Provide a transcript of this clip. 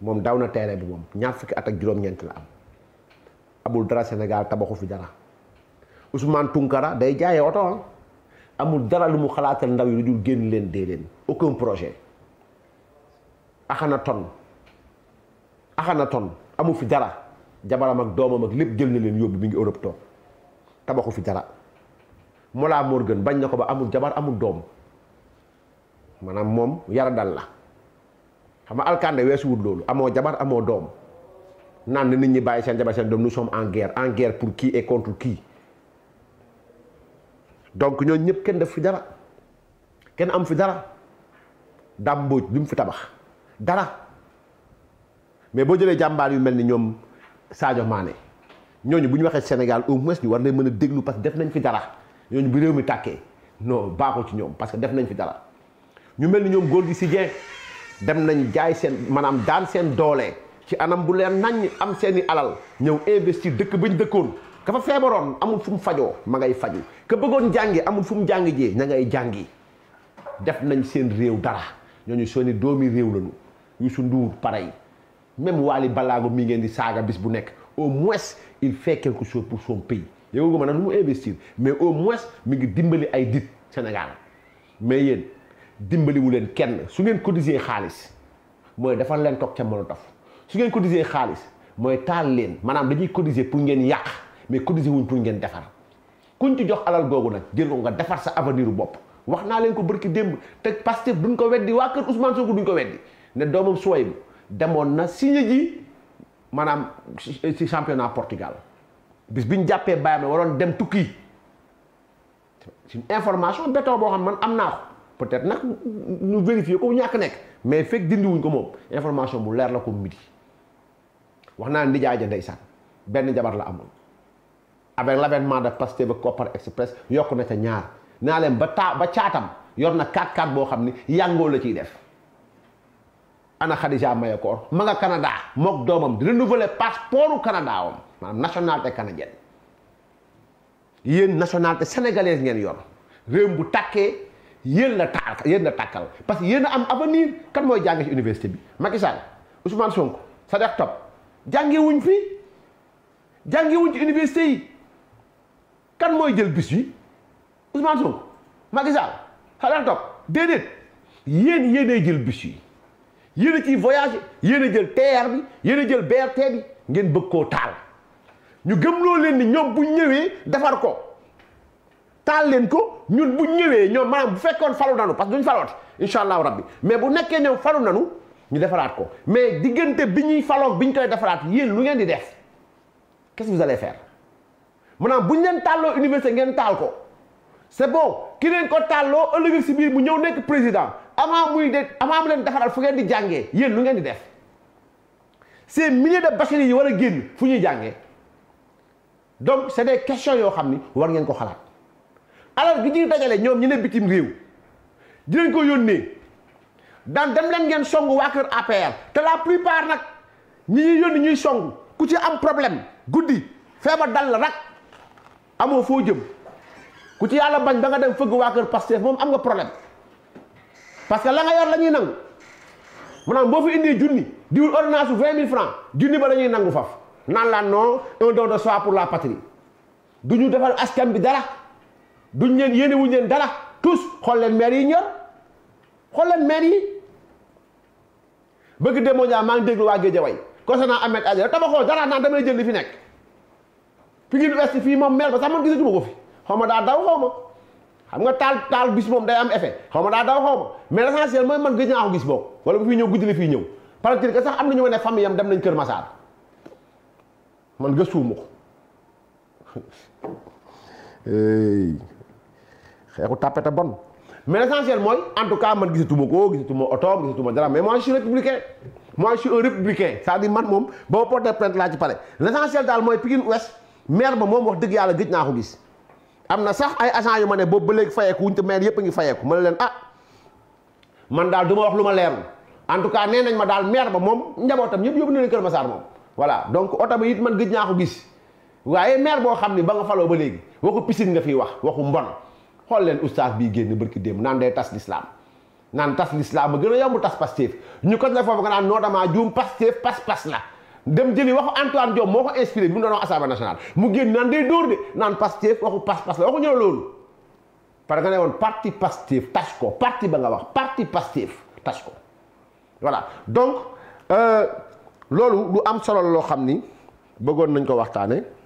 moom daw na terrain bi moom ñaar fukki at ak juróom-ñeent la am amul dara Sénégal tabaxu fi dara Ousmane Tounkara day jaayee oto ah. amul dara lu mu xalaatal ndaw yi lu dul génn leen dee leen aucun projet axana ton axana ton amul fi dara jabaram ak doomam ak lépp jël na leen yóbbu mi ngi Europe toog tabaxu fi dara Mollah Morgun bañ na ko ba amul jabar amul doom maanaam moom yara dal la xam nga alkande weesuwut loolu Amo jabar Amo Dom. naan na nit ñi baye sen jabar sen Dom nous sommes en guerre en guerre pour qui et contre qui donc ñooñu ñep kenn def fi dara kenn am fi dara dàmbooj li mu fi tabax dara mais bo jëlee jambar yu melni ñom ñoom Sadio Mané ñooñu buñ ñu Sénégal au moins ñu war lay mëna déglu parce que def nañ fi dara ñooñu bu réew mi tàkkee non ci ñom parce que def nañ fi dara ñu melni ñom gol gi dem nañ jaay seen maanaam daan seen doole ci anam bu leen nañ am seeni alal ñëw investir dëkk bañ dëkkoon ka fa feebaroon amul fu mu fajoo ma ngay faju ka bëggoon jàngi amul fu mu jàngi jee ña ngay jàngi def nañ seen réew dara ñooñu seeni doomi réew lañu Youssou Ndour pareil même Wally Ballago mi ngeen di saaga bis bu nekk au moins il fait quelque chose pour son pays yëngu ma nag lu mu investir mais au moins mi ngi dimbali ay dit Sénégal mais yéen dimbaliwu leen kenn su ngeen cotiser xaalis mooy dafa leen toog ca mën a dof su ngeen cotiser xaalis mooy taal leen maanaam dañuy cotiser pour ngeen yàq mais cotiser wuñ pour ngeen defar kuñ ci jox alal googu nag jël ko nga defar sa avenir bopp wax naa leen ko barki démb te Pastef duñ ko weddi waa kër Ousmane Sonko duñ ko weddi ne doomam suway bu demoon na signé ji maanaam ci championnat Portugal bis biñ jàppee bàyyam waroon dem tukki c'est une information béton boo xam man am naa ko peut-être nag ñu vérifier ko ñàkk nekk mais fekk dindiwuñ ko moom information bu leer la ko midi wax naa nijaay ja ndeysaan benn jabar la amoon avec l'avènement de Pastef ba Kopar Express yokk na sa ñaar naa leen ba taa ba caatam yor na 4-4 boo xam ni yàngoo la ciy def ana Khadija Mahécor ma nga Canada mook doomam di renouveler passeport u Canada am maanaam nationalité canadienne yéen nationalité sénégalaise ngeen yor réew bu tàkkee yéen na taal yéen la tàkkal parce que yéen a am avenir kan mooy jàng ci université bi Macky Sall Ousmane Sonko Sadikh Top jàngewuñ fi jàngewuñ ci université yi kan mooy jël bis yi Ousmane Sonko Macky Sall Sadikh Top déedéet yéen yéenay jël bis yi yéen a voyage yéen jël TER bi yéen a jël BRT bi ngeen bëgg koo taal ñu gëmloo leen ni ñoom bu ñëwee defar ko taal ko ñun bu ñëwé ñom manam bu fekkon falu nanu parce que duñ falooti inshallah allahu rabbi mais bu nekké ñoom falu nañu ñu défarat ko mais digënté biñuy falo faloog bi ñu koy defaraat yéen lu ngeen di def qu'est-ce que vous allez faire manam buñ ñu leen tàlloo université ngeen tal ko c'est bon ki leen ko talo? ëllëg ci biir mu ñëw nekk président avant muy de avant mu leen defaral fu ngeen di jàngee yeen lu ngeen di def C'est milliers de bacheliers yi war a génn fu ñuy donc c'est des questions yo xamni war ngeen ko xalaat. alal gi ñuy dajale ñoom ñu ne bitim réew dinañ ko yónnee daan dem leen ngeen songu waa kër APR te la plupart nag ñi ñuy yónni ñuy songu ku ci am problème guddi feebar dal la rak amoo foo jëm ku ci yàlla bañ ba nga dem fëgg waa kër Pastef moom am nga problème parce que la nga yor lañuy ñuy nangu maanaam boo fi indee junni di wut ordonnance su vingt mille junni ba la ñuy nangu faf naan la noo un don de soi pour la patrie du ñu defal askan bi dara. duñ leen yéene wuñ leen dara tous xool leen maire yi ñor xool leen maire yi bëgg demoo ñaa maa ngi déglu waa Guédiawaye concernant Ahmed Aïdara tabaxoo dara naan damay jël li fi nekk Pikine Ouest fii moom maire ba sax man gisatuma ko fi xaw ma daa daw xaw ma xam nga taal taal bis moom day am effet xaw ma daa daw xaw ma mais l'essentiel mooy man gëj naa ko gis boobu wala bu fi ñëw guddi fii ñëw paratir sax am na ñu ma ne famille am dem nañ Kër Massar man gëstuwuma xeexu tàppeta bon mais l'essentiel mooy en tout cas man gisatuma ko gisatuma oto gisatuma dara mais moi je suis républicain moi je suis un républicain man moom ba ma porté plainte laa ci pare l'essentiel daal mooy Pikine Ouest maire ba moom wax dëgg yàlla gëj naa ko gis am na sax ay agent yu ma ne boobu ba léegi fayeeku wuñ te maire yëpp ngi fayeeku ma ne leen ah man daal du ma wax lu ma leerul en tout cas nee nañ ma daal maire ba moom njabootam ñëpp yóbbu na leen moom voilà donc oto it man gëj naa ko gis waaye maire boo xam ni ba nga faloo ba léegi waxu piscine nga fiy wax waxu mbon xol leen oustaz bi génn barki dem naan day tas l'islam naan tas l'islam ba yomb tas Pastef ñu ko la fofu nga naan noo damaa juum Pastef pas-pas la dem jëli waxu Antoine Diome moko inspiré bu ndono doon wax assemblée nationale mu génn naan day dóor de naan Pastef waxu pas-pas la waxu ñoo lool par nga ne parti Pastef tas ko parti ba nga wax parti Pastef tas ko voilà donc euh, loolu du am solo lo xamni ni nañ ko waxtane